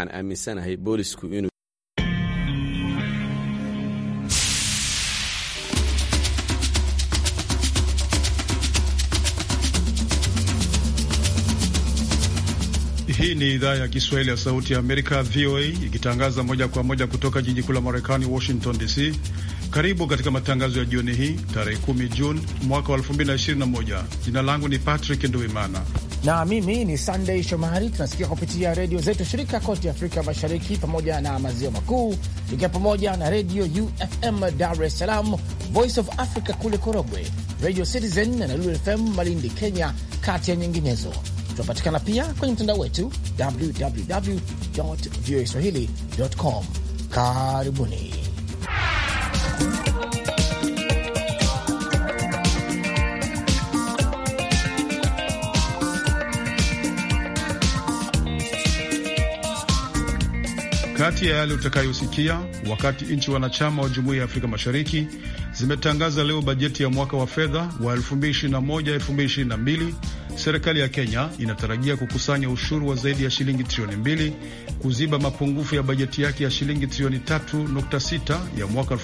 Waxaan aaminsanahay boolisku inuu Hii ni idhaa ya Kiswahili ya Sauti ya Amerika, VOA, ikitangaza moja kwa moja kutoka jiji kuu la Marekani, Washington DC. Karibu katika matangazo ya jioni hii tarehe 10 Juni mwaka wa 2021. Jina langu ni Patrick Nduimana na mimi ni sandey Shomari. Tunasikia kupitia redio zetu shirika kote Afrika Mashariki pamoja na Maziwa Makuu, ikiwa pamoja na redio UFM Dar es Salaam, Voice of Africa kule Korogwe, Radio Citizen na Lulu FM Malindi, Kenya, kati ya nyinginezo. Tunapatikana pia kwenye mtandao wetu www voa swahili com. Karibuni. Kati ya yale utakayosikia, wakati nchi wanachama wa Jumuiya ya Afrika Mashariki zimetangaza leo bajeti ya mwaka wa fedha wa 2021-2022 Serikali ya Kenya inatarajia kukusanya ushuru wa zaidi ya shilingi trilioni mbili kuziba mapungufu ya bajeti yake ya shilingi trilioni 3.6 ya mwaka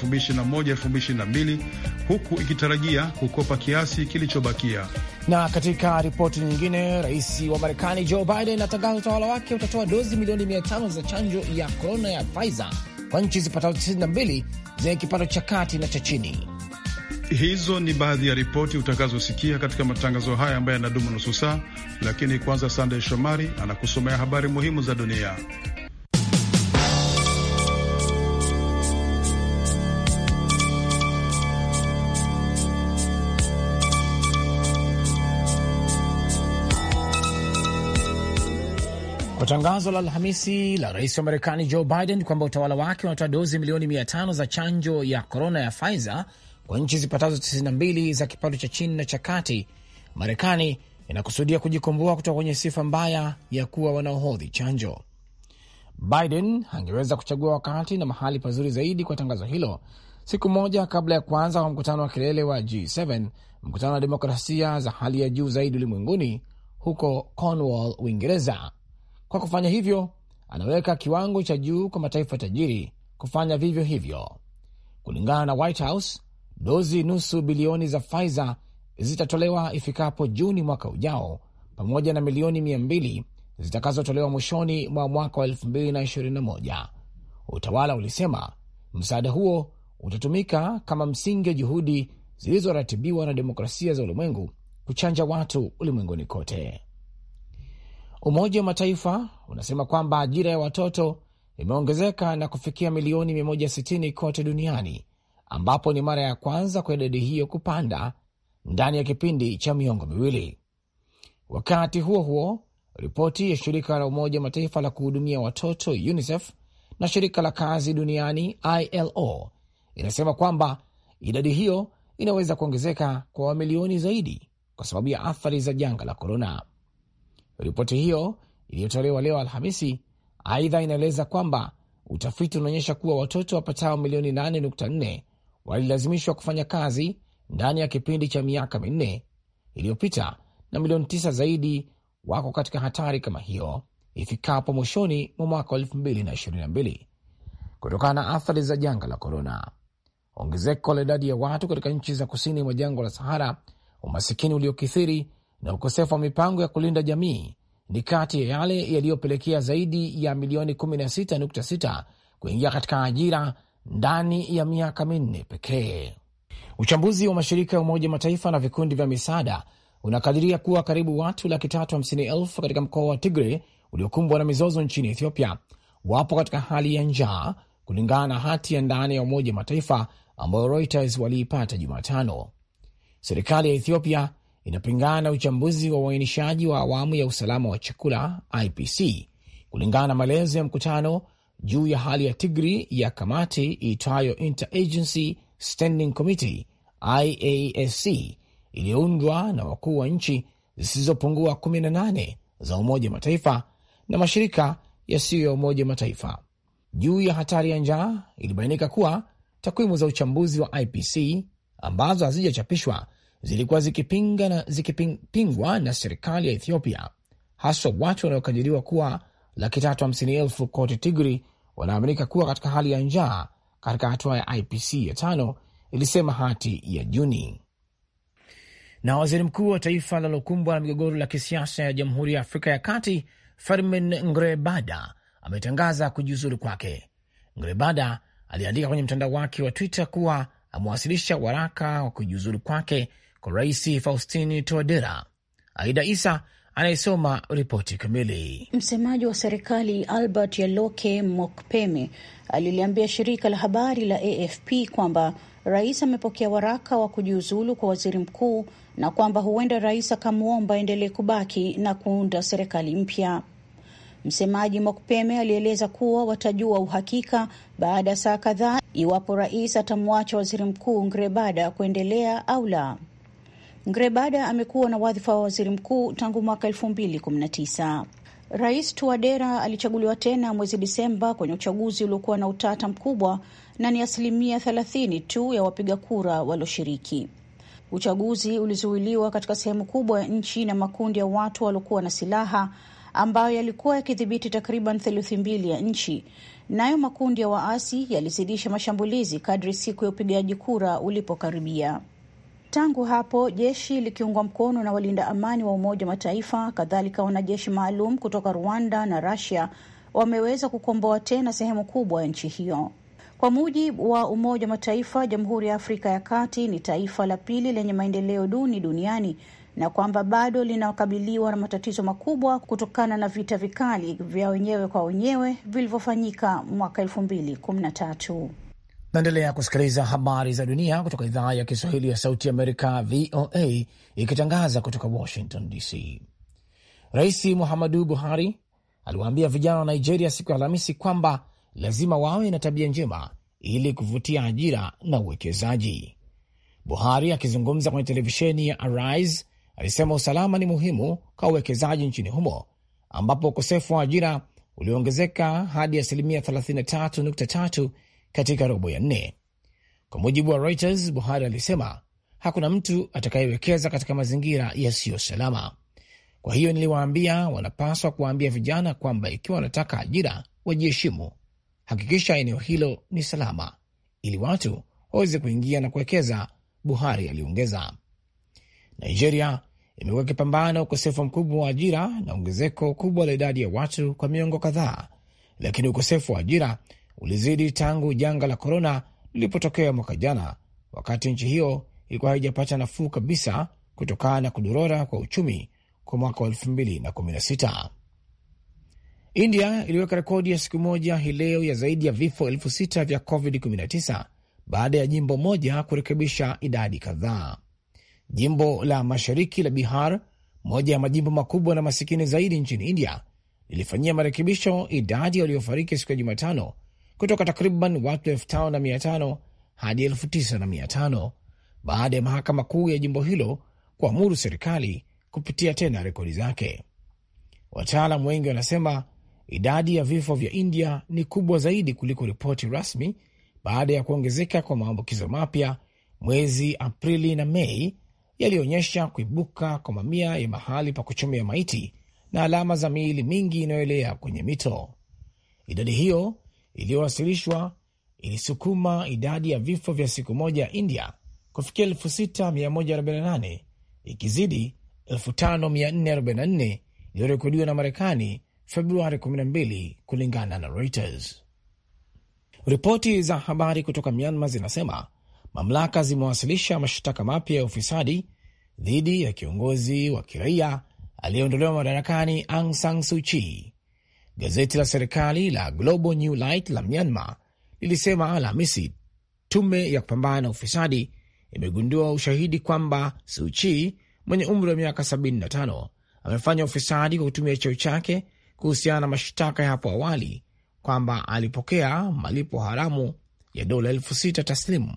na mbili huku ikitarajia kukopa kiasi kilichobakia. Na katika ripoti nyingine, rais wa Marekani Joe Biden atangaza utawala wake utatoa dozi milioni tano za chanjo ya korona ya Pfizer kwa nchi zipatao 92 zenye kipato cha kati na cha chini. Hizo ni baadhi ya ripoti utakazosikia katika matangazo haya ambayo yanadumu nusu saa, lakini kwanza, Sandey Shomari anakusomea habari muhimu za dunia. Kwa tangazo la Alhamisi la rais wa Marekani Joe Biden kwamba utawala wake unatoa dozi milioni mia tano za chanjo ya korona ya Pfizer kwa nchi zipatazo 92 za kipato cha chini na cha kati, Marekani inakusudia kujikomboa kutoka kwenye sifa mbaya ya kuwa wanaohodhi chanjo. Biden angeweza kuchagua wakati na mahali pazuri zaidi kwa tangazo hilo siku moja kabla ya kuanza kwa mkutano wa kilele wa G7, mkutano wa demokrasia za hali ya juu zaidi ulimwenguni huko Cornwall, Uingereza. Kwa kufanya hivyo, anaweka kiwango cha juu kwa mataifa tajiri kufanya vivyo hivyo. Kulingana na White House, dozi nusu bilioni za Pfizer zitatolewa ifikapo Juni mwaka ujao, pamoja na milioni mia mbili zitakazotolewa mwishoni mwa mwaka wa 221 Utawala ulisema msaada huo utatumika kama msingi wa juhudi zilizoratibiwa na demokrasia za ulimwengu kuchanja watu ulimwenguni kote. Umoja wa Mataifa unasema kwamba ajira ya watoto imeongezeka na kufikia milioni 160 kote duniani ambapo ni mara ya kwanza kwa idadi hiyo kupanda ndani ya kipindi cha miongo miwili. Wakati huo huo, ripoti ya shirika la Umoja Mataifa la kuhudumia watoto UNICEF na shirika la kazi duniani ILO inasema kwamba idadi hiyo inaweza kuongezeka kwa mamilioni zaidi kwa sababu ya athari za janga la korona. Ripoti hiyo iliyotolewa leo Alhamisi aidha inaeleza kwamba utafiti unaonyesha kuwa watoto wapatao milioni 8.4 walilazimishwa kufanya kazi ndani ya kipindi cha miaka minne iliyopita na milioni tisa zaidi wako katika hatari kama hiyo ifikapo mwishoni mwa mwaka wa mbili kutokana na athari za janga la korona. Ongezeko la idadi ya watu katika nchi za kusini mwa jangwa la Sahara, umasikini uliokithiri na ukosefu wa mipango ya kulinda jamii ni kati ya yale yaliyopelekea zaidi ya milioni 16.6 kuingia katika ajira ndani ya miaka minne pekee. Uchambuzi wa mashirika ya Umoja Mataifa na vikundi vya misaada unakadiria kuwa karibu watu laki tatu hamsini elfu katika mkoa wa Tigre uliokumbwa na mizozo nchini Ethiopia wapo katika hali ya njaa, kulingana na hati ya ndani ya Umoja Mataifa ambayo Reuters waliipata Jumatano. Serikali ya Ethiopia inapingana na uchambuzi wa uainishaji wa awamu ya usalama wa chakula IPC kulingana na maelezo ya mkutano juu ya hali ya Tigri ya kamati iitwayo Interagency Standing Committee IASC iliyoundwa na wakuu wa nchi zisizopungua 18 za Umoja Mataifa na mashirika yasiyo ya Umoja Mataifa juu ya hatari ya njaa. Ilibainika kuwa takwimu za uchambuzi wa IPC ambazo hazijachapishwa zilikuwa zikipingwa na, zikipingwa na serikali ya Ethiopia, haswa watu wanaokadiriwa kuwa laki tatu hamsini elfu kote Tigri wanaaminika kuwa katika hali ya njaa katika hatua ya IPC ya tano, ilisema hati ya Juni. Na waziri mkuu wa taifa linalokumbwa na migogoro la kisiasa ya Jamhuri ya Afrika ya Kati Firmin Ngrebada ametangaza kujiuzulu kwake. Ngrebada aliandika kwenye mtandao wake wa Twitter kuwa amewasilisha waraka wa kujiuzulu kwake kwa Rais Faustini Toadera. Aida Isa anayesoma ripoti kamili. Msemaji wa serikali Albert Yaloke Mokpeme aliliambia shirika la habari la AFP kwamba rais amepokea waraka wa kujiuzulu kwa waziri mkuu na kwamba huenda rais akamwomba aendelee kubaki na kuunda serikali mpya. Msemaji Mokpeme alieleza kuwa watajua uhakika baada ya saa kadhaa iwapo rais atamwacha waziri mkuu Ngrebada kuendelea au la. Ngrebada amekuwa na wadhifa wa waziri mkuu tangu mwaka elfu mbili kumi na tisa. Rais Tuadera alichaguliwa tena mwezi Disemba kwenye uchaguzi uliokuwa na utata mkubwa na ni asilimia thelathini tu ya wapiga kura walioshiriki. Uchaguzi ulizuiliwa katika sehemu kubwa ya nchi na makundi ya watu waliokuwa na silaha ambayo yalikuwa yakidhibiti takriban theluthi mbili ya nchi. Nayo makundi ya waasi yalizidisha mashambulizi kadri siku ya upigaji kura ulipokaribia. Tangu hapo jeshi likiungwa mkono na walinda amani wa Umoja wa Mataifa, kadhalika wanajeshi maalum kutoka Rwanda na rasia wameweza kukomboa tena sehemu kubwa ya nchi hiyo. Kwa mujibu wa Umoja wa Mataifa, Jamhuri ya Afrika ya Kati ni taifa la pili lenye maendeleo duni duniani na kwamba bado linakabiliwa na matatizo makubwa kutokana na vita vikali vya wenyewe kwa wenyewe vilivyofanyika mwaka elfu mbili kumi na tatu. Naendelea kusikiliza habari za dunia kutoka idhaa ya Kiswahili ya sauti Amerika, VOA, ikitangaza kutoka Washington DC. Rais Muhammadu Buhari aliwaambia vijana wa Nigeria siku ya Alhamisi kwamba lazima wawe na tabia njema ili kuvutia ajira na uwekezaji. Buhari akizungumza kwenye televisheni ya Arise alisema usalama ni muhimu kwa uwekezaji nchini humo ambapo ukosefu wa ajira ulioongezeka hadi asilimia 33.3 katika robo ya nne. Kwa mujibu wa Reuters, Buhari alisema hakuna mtu atakayewekeza katika mazingira yasiyo salama. Kwa hiyo niliwaambia, wanapaswa kuwaambia vijana kwamba ikiwa wanataka ajira wajiheshimu, hakikisha eneo hilo ni salama, ili watu waweze kuingia na kuwekeza, Buhari aliongeza. Nigeria imekuwa ikipambana ukosefu mkubwa wa ajira na ongezeko kubwa la idadi ya watu kwa miongo kadhaa, lakini ukosefu wa ajira ulizidi tangu janga la korona lilipotokea mwaka jana, wakati nchi hiyo ilikuwa haijapata nafuu kabisa kutokana na kudorora kwa uchumi kwa mwaka wa 2016. India iliweka rekodi ya siku moja hii leo ya zaidi ya vifo elfu sita vya COVID-19 baada ya jimbo moja kurekebisha idadi kadhaa. Jimbo la mashariki la Bihar, moja ya majimbo makubwa na masikini zaidi nchini India, lilifanyia marekebisho idadi waliofariki siku ya Jumatano kutoka takriban watu elfu tano na mia tano hadi elfu tisa na mia tano baada ya mahakama kuu ya jimbo hilo kuamuru serikali kupitia tena rekodi zake. Wataalam wengi wanasema idadi ya vifo vya India ni kubwa zaidi kuliko ripoti rasmi baada ya kuongezeka kwa maambukizo mapya mwezi Aprili na Mei yaliyoonyesha kuibuka kwa mamia ya mahali pa kuchomea maiti na alama za miili mingi inayoelea kwenye mito. Idadi hiyo iliyowasilishwa ilisukuma idadi ya vifo vya siku moja ya India kufikia elfu sita mia moja arobaini na nane ikizidi elfu tano mia nne arobaini na nne iliyorekodiwa na Marekani Februari 12 kulingana na Reuters. Ripoti za habari kutoka Myanmar zinasema mamlaka zimewasilisha mashtaka mapya ya ufisadi dhidi ya kiongozi wa kiraia aliyeondolewa madarakani Aung San Suu Kyi Gazeti la serikali la Global New Light la Myanmar lilisema Alhamisi tume ya kupambana na ufisadi imegundua ushahidi kwamba Suchi mwenye umri wa miaka 75 amefanya ufisadi kwa kutumia cheo chake kuhusiana na mashtaka ya hapo awali kwamba alipokea malipo haramu ya dola elfu sita taslimu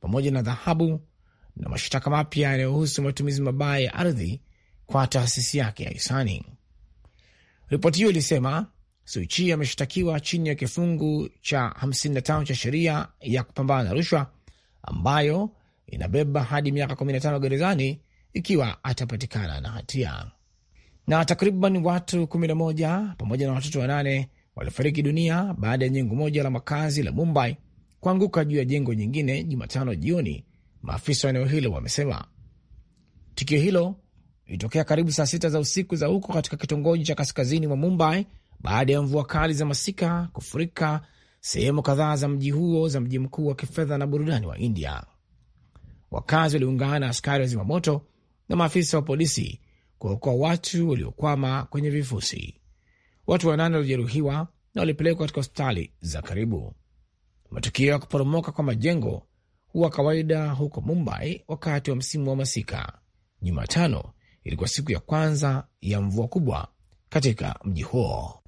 pamoja na dhahabu na mashtaka mapya yanayohusu matumizi mabaya ya ardhi kwa taasisi yake ya hisani. Ripoti hiyo ilisema Suchi ameshtakiwa chini ya kifungu cha 55 cha sheria ya kupambana na rushwa ambayo inabeba hadi miaka 15 gerezani ikiwa atapatikana na hatia. Na takriban watu 11 pamoja na watoto wanane walifariki dunia baada ya jengo moja la makazi la Mumbai kuanguka juu ya jengo nyingine Jumatano jioni, maafisa wa eneo hilo wamesema. Tukio hilo ilitokea karibu saa sita za usiku za huko katika kitongoji cha kaskazini mwa Mumbai baada ya mvua kali za masika kufurika sehemu kadhaa za mji huo za mji mkuu wa kifedha na burudani wa India. Wakazi waliungana na askari wa zimamoto na maafisa wa polisi kuokoa watu waliokwama kwenye vifusi. Watu wanane waliojeruhiwa na walipelekwa katika hospitali za karibu. Matukio ya kuporomoka kwa majengo huwa kawaida huko Mumbai wakati wa msimu wa masika. Jumatano ilikuwa siku ya kwanza ya mvua kubwa katika mji huo.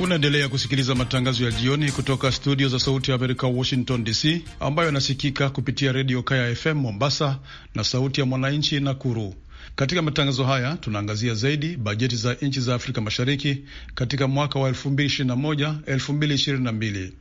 Unaendelea kusikiliza matangazo ya jioni kutoka studio za Sauti ya Amerika, Washington DC, ambayo yanasikika kupitia redio Kaya FM Mombasa na Sauti ya Mwananchi Nakuru. Katika matangazo haya tunaangazia zaidi bajeti za nchi za Afrika Mashariki katika mwaka wa 2021 2022.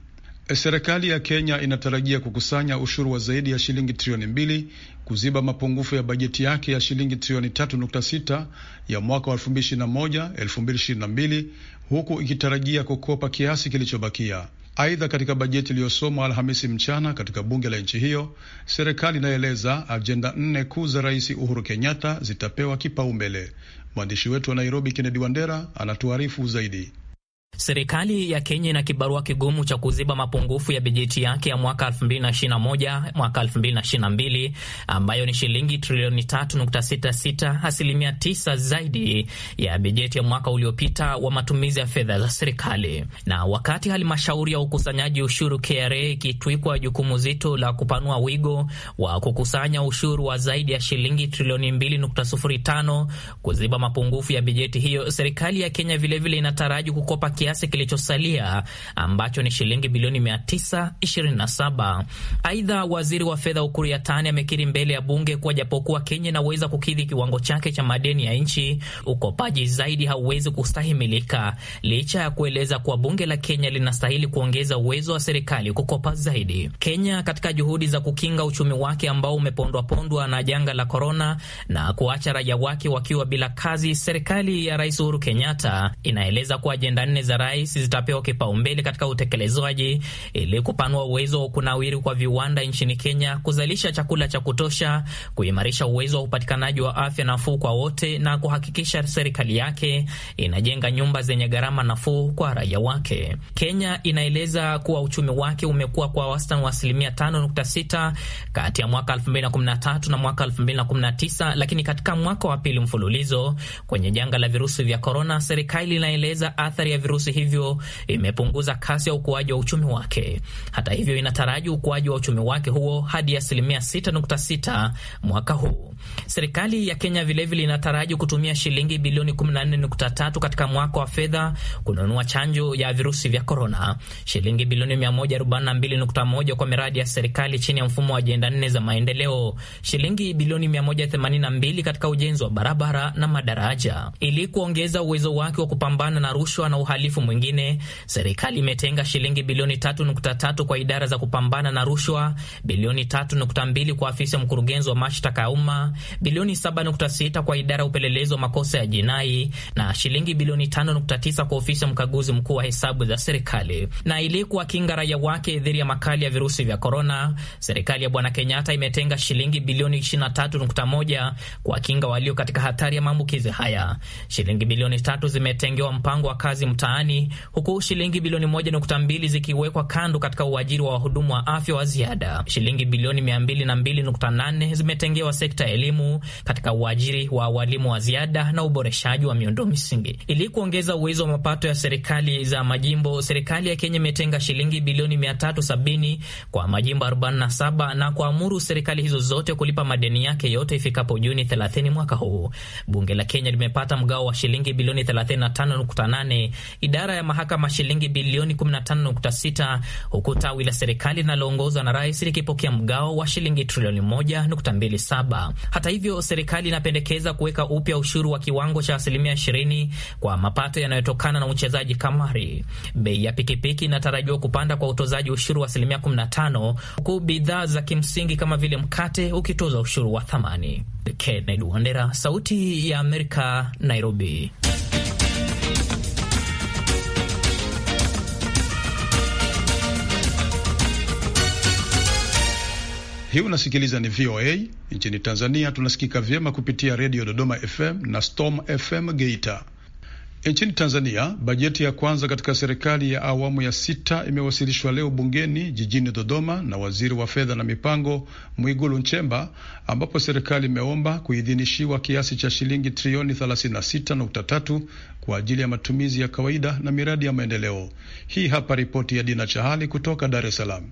Eh, serikali ya Kenya inatarajia kukusanya ushuru wa zaidi ya shilingi trilioni mbili kuziba mapungufu ya bajeti yake ya shilingi trilioni 3.6 ya mwaka wa 2021 2022, huku ikitarajia kukopa kiasi kilichobakia. Aidha, katika bajeti iliyosomwa Alhamisi mchana katika bunge la nchi hiyo, serikali inaeleza ajenda nne kuu za Rais Uhuru Kenyatta zitapewa kipaumbele. Mwandishi wetu wa Nairobi, Kennedy Wandera, anatuarifu zaidi. Serikali ya Kenya ina kibarua kigumu cha kuziba mapungufu ya bajeti yake ya mwaka 2021 mwaka 2022 ambayo ni shilingi trilioni 3.66, asilimia 9 zaidi ya bajeti ya mwaka uliopita wa matumizi ya fedha za serikali. Na wakati halmashauri ya ukusanyaji ushuru KRA ikitwikwa jukumu zito la kupanua wigo wa kukusanya ushuru wa zaidi ya shilingi trilioni 2.05 kuziba mapungufu ya bajeti hiyo, serikali ya Kenya vilevile vile inataraji kukopa kiasi kilichosalia ambacho ni shilingi bilioni 927. Aidha, waziri wa fedha Ukur Yatani amekiri mbele ya bunge kuwa japokuwa Kenya inaweza kukidhi kiwango chake cha madeni ya nchi, ukopaji zaidi hauwezi kustahimilika, licha ya kueleza kuwa bunge la Kenya linastahili kuongeza uwezo wa serikali kukopa zaidi. Kenya katika juhudi za kukinga uchumi wake ambao umepondwapondwa na janga la korona na kuacha raia wake wakiwa bila kazi, serikali ya Rais Uhuru Kenyatta inaeleza kuwa ajenda nne za rais zitapewa kipaumbele katika utekelezwaji ili kupanua uwezo wa kunawiri kwa viwanda nchini Kenya, kuzalisha chakula cha kutosha, kuimarisha uwezo wa upatikanaji wa afya nafuu kwa wote na kuhakikisha serikali yake inajenga nyumba zenye gharama nafuu kwa raia wake. Kenya inaeleza kuwa uchumi wake umekuwa kwa wastani wa asilimia 5.6 kati ya mwaka 2013 na mwaka 2019, lakini katika mwaka wa pili mfululizo kwenye janga la virusi vya korona, serikali inaeleza athari ya virusi virusi hivyo imepunguza kasi ya ukuaji wa uchumi wake. Hata hivyo, inataraji ukuaji wa uchumi wake huo hadi asilimia 6.6 mwaka huu. Serikali ya Kenya vilevile inataraji kutumia shilingi bilioni 14.3 katika mwaka wa fedha kununua chanjo ya virusi vya korona, shilingi bilioni 142.1 kwa miradi ya serikali chini ya mfumo wa ajenda nne za maendeleo, shilingi bilioni 182 katika ujenzi wa barabara na madaraja ili kuongeza uwezo wake wa kupambana na rushwa na uhalifu uhalifu mwingine, serikali imetenga shilingi bilioni 3.3 kwa idara za kupambana na rushwa, bilioni 3.2 kwa afisa mkurugenzi wa mashtaka ya umma, bilioni 7.6 kwa idara ya upelelezi wa makosa ya jinai na shilingi bilioni 5.9 kwa ofisi ya mkaguzi mkuu wa hesabu za serikali. Na ili kuwakinga raia wake dhidi ya makali ya virusi vya korona, serikali ya Bwana Kenyatta imetenga shilingi bilioni 23.1 kuwakinga walio katika hatari ya maambukizi haya. Shilingi bilioni tatu zimetengewa mpango wa kazi mtaani nyumbani, huku shilingi bilioni 1.2 zikiwekwa kando katika uajiri wa wahudumu wa afya wa ziada. Shilingi bilioni nane zimetengewa sekta ya elimu katika uajiri wa walimu wa ziada na uboreshaji wa miundo misingi ili kuongeza uwezo wa mapato ya serikali za majimbo. Serikali ya Kenya imetenga shilingi bilioni 370 kwa majimbo 47 na kuamuru serikali hizo zote kulipa madeni yake yote ifikapo Juni 30 mwaka huu. Bunge la Kenya limepata mgao wa shilingi bilioni 35.8 idara ya mahakama shilingi bilioni 15.6 huku tawi la serikali linaloongozwa na rais likipokea mgao wa shilingi trilioni 1.27. Hata hivyo, serikali inapendekeza kuweka upya ushuru wa kiwango cha asilimia 20 kwa mapato yanayotokana na uchezaji kamari. Bei ya pikipiki inatarajiwa kupanda kwa utozaji ushuru wa asilimia 15 huku bidhaa za kimsingi kama vile mkate ukitoza ushuru wa thamani. Kennedy Wandera, Sauti ya Amerika, Nairobi. Hii unasikiliza ni VOA. Nchini Tanzania tunasikika vyema kupitia redio Dodoma FM na Storm FM Geita. Nchini Tanzania, bajeti ya kwanza katika serikali ya awamu ya sita imewasilishwa leo bungeni jijini Dodoma na waziri wa fedha na mipango Mwigulu Nchemba, ambapo serikali imeomba kuidhinishiwa kiasi cha shilingi trilioni 36.3 kwa ajili ya matumizi ya kawaida na miradi ya maendeleo. Hii hapa ripoti ya Dina Chahali kutoka Dar es Salaam.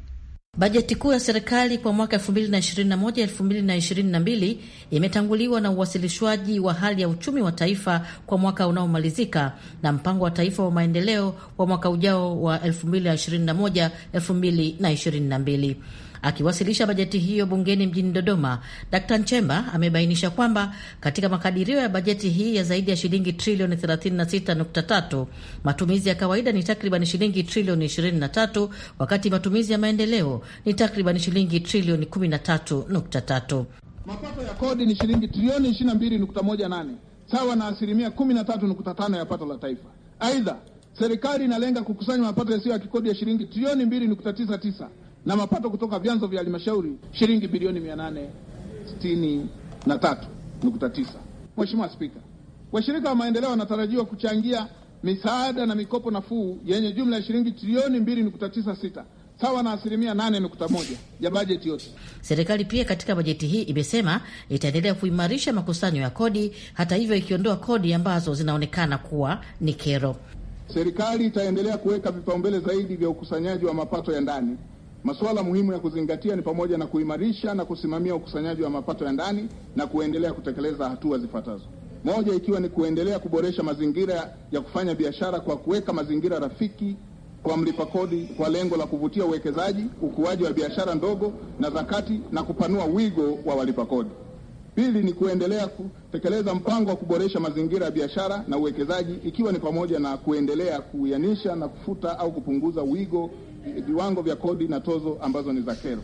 Bajeti kuu ya serikali kwa mwaka 2021 2022 imetanguliwa na uwasilishwaji wa hali ya uchumi wa taifa kwa mwaka unaomalizika na mpango wa taifa wa maendeleo wa mwaka ujao wa 2021 2022. Akiwasilisha bajeti hiyo bungeni mjini Dodoma, Dkt Nchemba amebainisha kwamba katika makadirio ya bajeti hii ya zaidi ya shilingi trilioni 36.3 matumizi ya kawaida ni takriban shilingi trilioni 23, wakati matumizi ya maendeleo ni takriban shilingi trilioni 13.3. Mapato ya kodi ni shilingi trilioni 22.18 sawa na asilimia 13.5 ya pato la taifa. Aidha, serikali inalenga kukusanya mapato yasiyo ya kikodi ya shilingi trilioni 2.99 na mapato kutoka vyanzo vya halmashauri shilingi bilioni 863.9. Mheshimiwa Spika, washirika wa maendeleo wanatarajiwa kuchangia misaada na mikopo nafuu yenye jumla ya shilingi trilioni 2.96 sawa na asilimia moja ya bajeti yote. Serikali pia katika bajeti hii imesema itaendelea kuimarisha makusanyo ya kodi, hata hivyo ikiondoa kodi ambazo zinaonekana kuwa ni kero. Serikali itaendelea kuweka vipaumbele zaidi vya ukusanyaji wa mapato ya ndani Masuala muhimu ya kuzingatia ni pamoja na kuimarisha na kusimamia ukusanyaji wa mapato ya ndani na kuendelea kutekeleza hatua zifuatazo. Moja, ikiwa ni kuendelea kuboresha mazingira ya kufanya biashara kwa kuweka mazingira rafiki kwa mlipa kodi kwa lengo la kuvutia uwekezaji, ukuaji wa biashara ndogo na za kati na kupanua wigo wa walipa kodi. Pili, ni kuendelea kutekeleza mpango wa kuboresha mazingira ya biashara na uwekezaji ikiwa ni pamoja na kuendelea kuuyanisha na kufuta au kupunguza wigo viwango vya kodi na tozo ambazo ni za kero.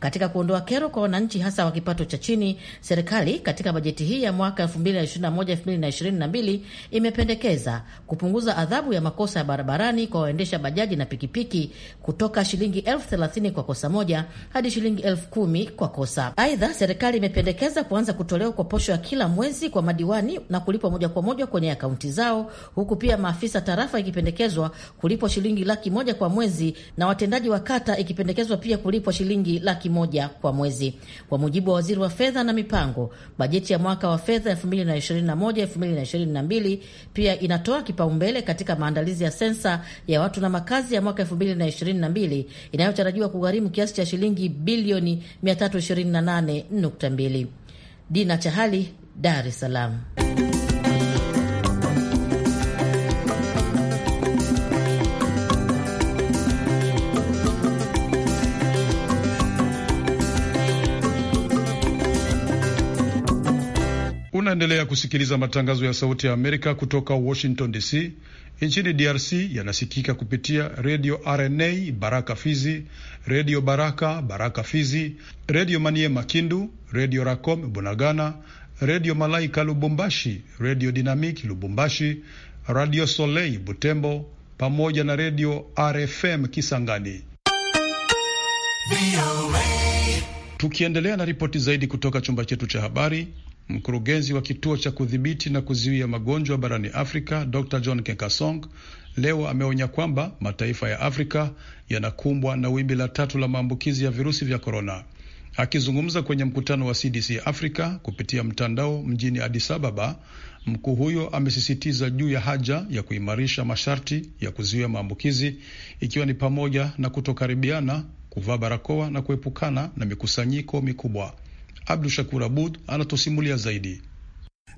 Katika kuondoa kero kwa wananchi hasa wa kipato cha chini, serikali katika bajeti hii ya mwaka 2021/2022 imependekeza kupunguza adhabu ya makosa ya barabarani kwa waendesha bajaji na pikipiki kutoka shilingi elfu thelathini kwa kosa moja hadi shilingi elfu kumi kwa kosa. Aidha, serikali imependekeza kuanza kutolewa kwa posho ya kila mwezi kwa madiwani na kulipwa moja kwa moja kwenye akaunti zao, huku pia maafisa tarafa ikipendekezwa kulipwa shilingi laki moja kwa mwezi na watendaji wa kata ikipendekezwa pia kulipwa shilingi laki moja kwa mwezi. Kwa mujibu wa waziri wa fedha na mipango, bajeti ya mwaka wa fedha 2021/2022 pia inatoa kipaumbele katika maandalizi ya sensa ya watu na makazi ya mwaka 2022 inayotarajiwa kugharimu kiasi cha shilingi bilioni 328.2. Dina Chahali, Dar es Salaam. Unaendelea kusikiliza matangazo ya Sauti ya Amerika kutoka Washington DC. Nchini DRC yanasikika kupitia Redio RNA Baraka Fizi, Redio Baraka Baraka Fizi, Redio manie makindu Redio Racom Bunagana, Redio Malaika Lubumbashi, Redio Dinamik Lubumbashi, Radio Soleil Butembo pamoja na Redio RFM Kisangani. Tukiendelea na ripoti zaidi kutoka chumba chetu cha habari. Mkurugenzi wa kituo cha kudhibiti na kuzuia magonjwa barani Afrika, Dr John Kenkasong, leo ameonya kwamba mataifa ya Afrika yanakumbwa na wimbi la tatu la maambukizi ya virusi vya korona. Akizungumza kwenye mkutano wa CDC africa kupitia mtandao mjini Addis Ababa, mkuu huyo amesisitiza juu ya haja ya kuimarisha masharti ya kuzuia maambukizi ikiwa ni pamoja na kutokaribiana, kuvaa barakoa na kuepukana na mikusanyiko mikubwa. Abdu Shakur Abud anatusimulia zaidi.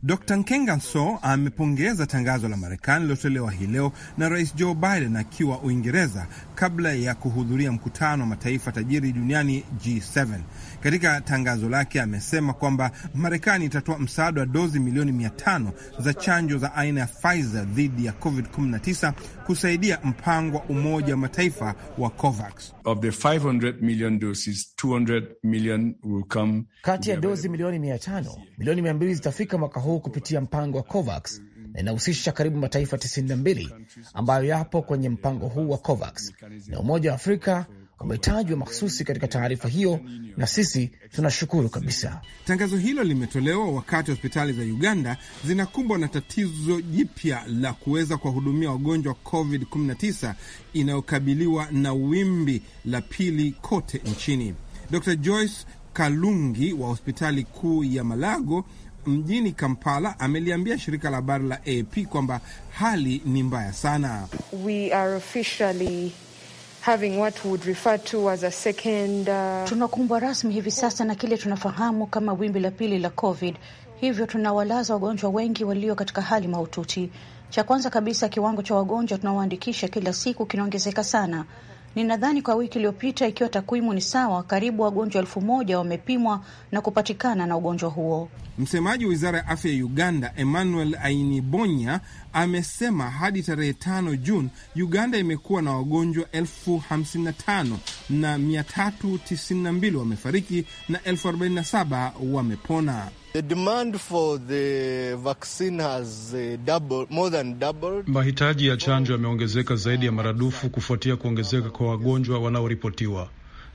Dr Nkenga Nso amepongeza tangazo la Marekani lilotolewa hii leo na Rais Joe Biden akiwa Uingereza kabla ya kuhudhuria mkutano wa mataifa tajiri duniani G7. Katika tangazo lake amesema kwamba Marekani itatoa msaada wa dozi milioni 500 za chanjo za aina ya Pfizer dhidi ya COVID-19 kusaidia mpango wa Umoja wa Mataifa wa COVAX. Of the 500 million doses, 200 million will come. Kati ya dozi milioni 500, milioni 200 zitafika mwaka huu huu kupitia mpango wa COVAX na inahusisha karibu mataifa 92 ambayo yapo kwenye mpango huu wa COVAX na Umoja wa Afrika umetajwa mahususi katika taarifa hiyo, na sisi tunashukuru kabisa. Tangazo hilo limetolewa wakati hospitali za Uganda zinakumbwa na tatizo jipya la kuweza kuwahudumia wagonjwa wa COVID-19 inayokabiliwa na wimbi la pili kote nchini. Dr Joyce Kalungi wa hospitali kuu ya Malago mjini Kampala ameliambia shirika la habari la AP kwamba hali ni mbaya sana. We are officially having what would refer to as a second, uh... tunakumbwa rasmi hivi sasa na kile tunafahamu kama wimbi la pili la COVID, hivyo tunawalaza wagonjwa wengi walio katika hali mahututi. Cha kwanza kabisa, kiwango cha wagonjwa tunaoandikisha kila siku kinaongezeka sana. Ninadhani kwa wiki iliyopita, ikiwa takwimu ni sawa, karibu wagonjwa elfu moja wamepimwa na kupatikana na ugonjwa huo. Msemaji wa wizara ya afya ya Uganda, Emmanuel Ainibonya, amesema hadi tarehe 5 Juni Uganda imekuwa na wagonjwa 55 na 392 wamefariki na 47 wamepona. Uh, Mahitaji ya chanjo yameongezeka zaidi ya maradufu kufuatia kuongezeka kwa wagonjwa wanaoripotiwa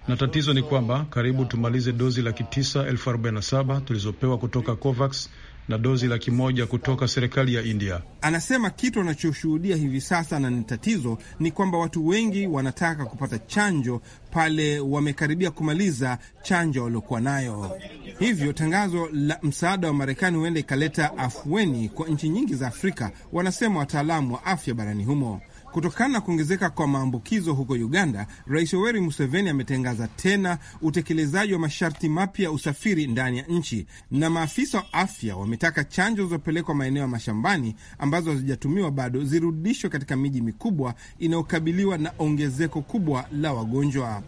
na tatizo ni kwamba karibu tumalize dozi laki tisa elfu arobaini na saba tulizopewa kutoka COVAX na dozi laki moja kutoka serikali ya India. Anasema kitu anachoshuhudia hivi sasa na ni tatizo ni kwamba watu wengi wanataka kupata chanjo pale wamekaribia kumaliza chanjo waliokuwa nayo. Hivyo tangazo la msaada wa Marekani huenda ikaleta afueni kwa nchi nyingi za Afrika, wanasema wataalamu wa afya barani humo. Kutokana na kuongezeka kwa maambukizo huko Uganda, Rais Yoweri Museveni ametangaza tena utekelezaji wa masharti mapya ya usafiri ndani ya nchi, na maafisa wa afya wametaka chanjo zilizopelekwa maeneo ya mashambani ambazo hazijatumiwa bado zirudishwe katika miji mikubwa inayokabiliwa na ongezeko kubwa la wagonjwa.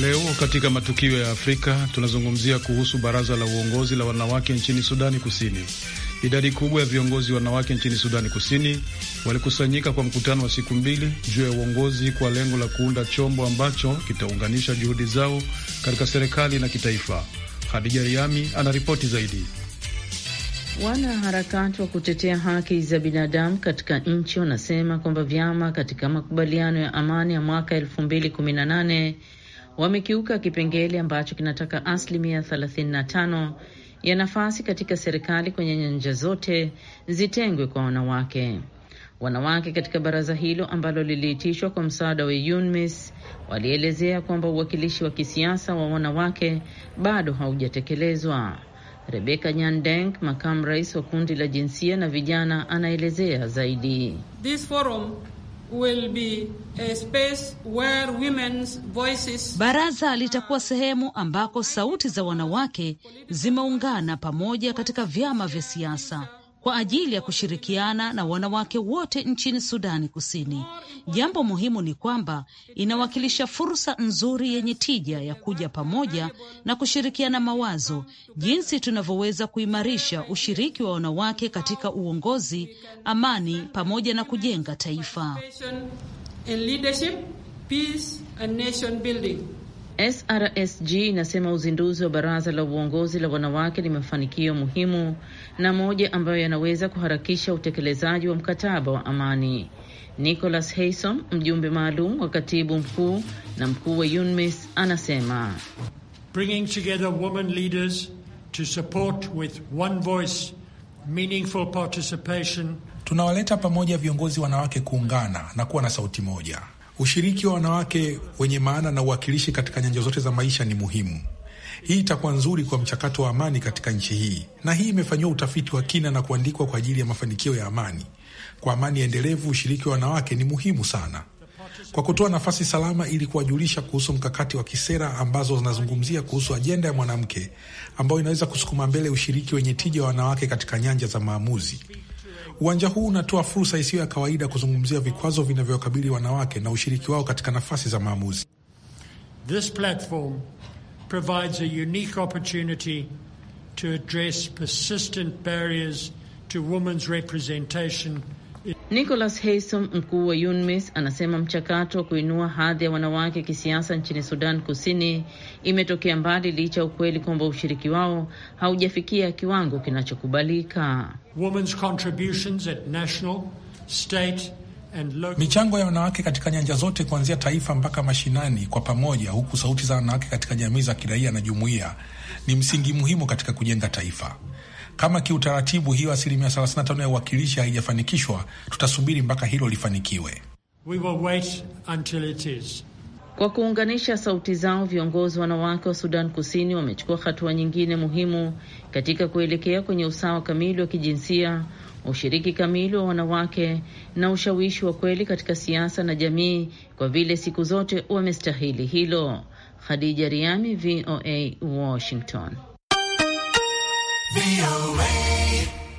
Leo katika matukio ya Afrika tunazungumzia kuhusu baraza la uongozi la wanawake nchini Sudani Kusini. Idadi kubwa ya viongozi wanawake nchini Sudani Kusini walikusanyika kwa mkutano wa siku mbili juu ya uongozi kwa lengo la kuunda chombo ambacho kitaunganisha juhudi zao katika serikali na kitaifa. Hadija Riami anaripoti zaidi. Wanaharakati wa kutetea haki za binadamu katika nchi wanasema kwamba vyama katika makubaliano ya amani ya mwaka nane wamekiuka kipengele ambacho kinataka asilimia 35 ya nafasi katika serikali kwenye nyanja zote zitengwe kwa wanawake. Wanawake katika baraza hilo ambalo liliitishwa kwa msaada wa UNMISS walielezea kwamba uwakilishi wa kisiasa wa wanawake bado haujatekelezwa. Rebeka nyandenk makamu rais wa kundi la jinsia na vijana, anaelezea zaidi. This forum will be a space where women's voices... Baraza litakuwa sehemu ambako sauti za wanawake zimeungana pamoja katika vyama vya siasa kwa ajili ya kushirikiana na wanawake wote nchini Sudani Kusini. Jambo muhimu ni kwamba inawakilisha fursa nzuri yenye tija ya kuja pamoja na kushirikiana mawazo jinsi tunavyoweza kuimarisha ushiriki wa wanawake katika uongozi, amani pamoja na kujenga taifa. SRSG inasema uzinduzi wa baraza la uongozi la wanawake ni mafanikio muhimu na moja ambayo yanaweza kuharakisha utekelezaji wa mkataba wa amani. Nicholas Haysom, mjumbe maalum wa katibu mkuu na mkuu wa UNMISS, anasema Bringing together women leaders to support with one voice meaningful participation. Tunawaleta pamoja viongozi wanawake kuungana na kuwa na sauti moja Ushiriki wa wanawake wenye maana na uwakilishi katika nyanja zote za maisha ni muhimu. Hii itakuwa nzuri kwa mchakato wa amani katika nchi hii, na hii imefanyiwa utafiti wa kina na kuandikwa kwa ajili ya mafanikio ya amani. Kwa amani endelevu, ushiriki wa wanawake ni muhimu sana kwa kutoa nafasi salama ili kuwajulisha kuhusu mkakati wa kisera ambazo zinazungumzia kuhusu ajenda ya mwanamke ambayo inaweza kusukuma mbele ushiriki wenye tija wa wanawake katika nyanja za maamuzi. Uwanja huu unatoa fursa isiyo ya kawaida kuzungumzia vikwazo wanawake na ushiriki wao katika nafasi za maamuzi. This platform provides a unique opportunity to address persistent barriers to women's representation Nicholas Haysom, mkuu wa UNMISS, anasema mchakato wa kuinua hadhi ya wanawake kisiasa nchini Sudan Kusini imetokea mbali licha ya ukweli kwamba ushiriki wao haujafikia kiwango kinachokubalika. Michango ya wanawake katika nyanja zote kuanzia taifa mpaka mashinani kwa pamoja, huku sauti za wanawake katika jamii za kiraia na jumuiya ni msingi muhimu katika kujenga taifa. Kama kiutaratibu hiyo asilimia 35 ya uwakilishi haijafanikishwa, tutasubiri mpaka hilo lifanikiwe. We will wait until it is. Kwa kuunganisha sauti zao, viongozi wanawake wa Sudan Kusini wamechukua hatua nyingine muhimu katika kuelekea kwenye usawa kamili wa kijinsia, ushiriki kamili wa wanawake na ushawishi wa kweli katika siasa na jamii, kwa vile siku zote wamestahili hilo. Khadija Riami, VOA, Washington.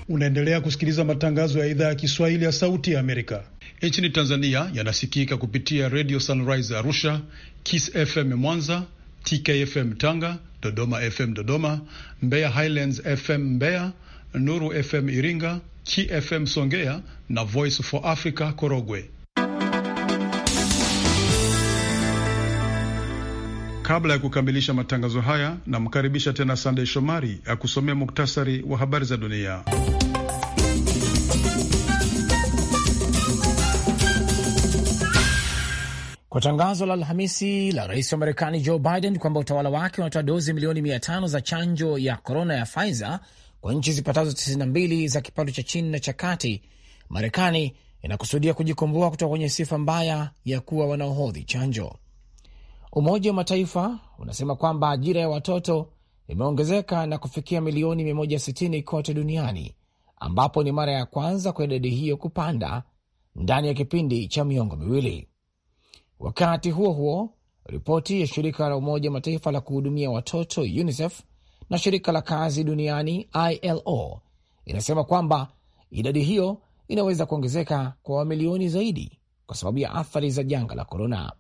Unaendelea kusikiliza matangazo ya idhaa ya Kiswahili ya Sauti ya Amerika. Nchini Tanzania yanasikika kupitia Radio Sunrise Arusha, Kiss FM Mwanza, TKFM Tanga, Dodoma FM Dodoma, Mbeya Highlands FM Mbeya, Nuru FM Iringa, KFM Songea na Voice for Africa Korogwe. Kabla ya kukamilisha matangazo haya, namkaribisha tena Sandey Shomari akusomea muktasari wa habari za dunia. Kwa tangazo la Alhamisi la rais wa Marekani Joe Biden kwamba utawala wake unatoa dozi milioni mia tano za chanjo ya korona ya Pfizer kwa nchi zipatazo 92 za kipato cha chini na cha kati, Marekani inakusudia kujikomboa kutoka kwenye sifa mbaya ya kuwa wanaohodhi chanjo. Umoja wa Mataifa unasema kwamba ajira ya watoto imeongezeka na kufikia milioni 160 kote duniani ambapo ni mara ya kwanza kwa idadi hiyo kupanda ndani ya kipindi cha miongo miwili. Wakati huo huo, ripoti ya shirika la Umoja Mataifa la kuhudumia watoto UNICEF na shirika la kazi duniani ILO inasema kwamba idadi hiyo inaweza kuongezeka kwa mamilioni zaidi kwa sababu ya athari za janga la korona.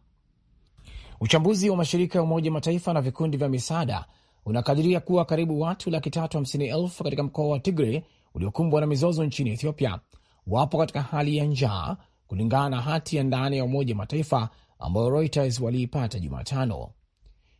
Uchambuzi wa mashirika ya Umoja Mataifa na vikundi vya misaada unakadiria kuwa karibu watu laki tatu hamsini elfu katika mkoa wa Tigre uliokumbwa na mizozo nchini Ethiopia wapo katika hali ya njaa kulingana na hati ya ndani ya Umoja Mataifa ambayo Reuters waliipata Jumatano.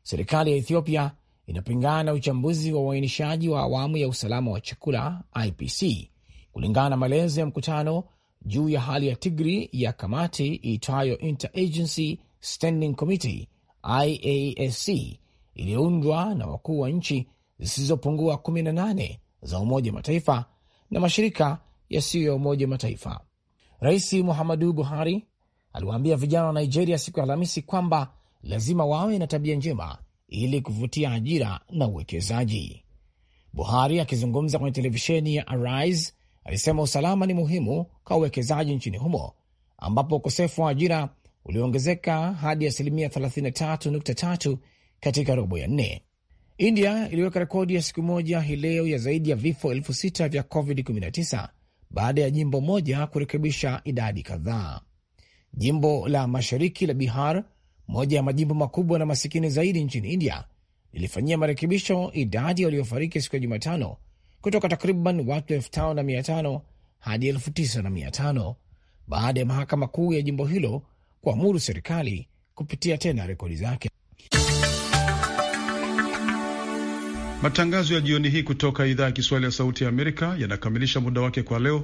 Serikali ya Ethiopia inapingana na uchambuzi wa uainishaji wa awamu ya usalama wa chakula IPC kulingana na maelezo ya mkutano juu ya hali ya Tigri ya kamati iitwayo Interagency Standing Committee IASC iliyoundwa na wakuu wa nchi zisizopungua 18 za Umoja Mataifa na mashirika yasiyo ya Umoja Mataifa. Rais Muhammadu Buhari aliwaambia vijana wa Nigeria siku ya Alhamisi kwamba lazima wawe na tabia njema ili kuvutia ajira na uwekezaji. Buhari akizungumza kwenye televisheni ya Arise alisema usalama ni muhimu kwa uwekezaji nchini humo ambapo ukosefu wa ajira ulioongezeka hadi asilimia 33.3 katika robo ya nne. India iliweka rekodi ya siku moja hii leo ya zaidi ya vifo elfu sita vya COVID-19 baada ya jimbo moja kurekebisha idadi kadhaa. Jimbo la mashariki la Bihar, moja ya majimbo makubwa na masikini zaidi nchini India, lilifanyia marekebisho idadi waliofariki siku ya Jumatano kutoka takriban watu elfu tano na mia tano hadi elfu tisa na mia tano baada ya mahakama kuu ya jimbo hilo kuamuru serikali kupitia tena rekodi zake. Matangazo ya jioni hii kutoka idhaa ya Kiswahili ya Sauti ya Amerika yanakamilisha muda wake kwa leo.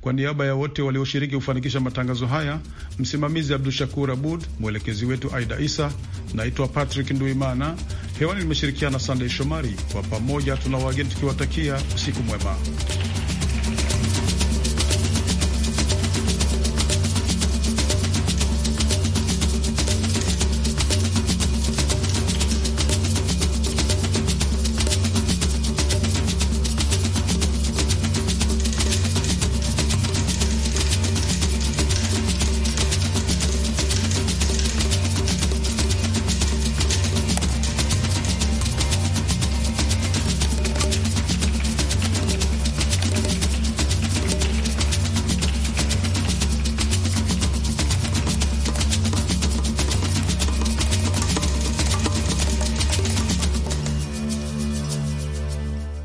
Kwa niaba ya wote walioshiriki kufanikisha matangazo haya, msimamizi Abdu Shakur Abud, mwelekezi wetu Aida Isa. Naitwa Patrick Nduimana, hewani nimeshirikiana Sandey Shomari. Kwa pamoja tuna wageni tukiwatakia usiku mwema.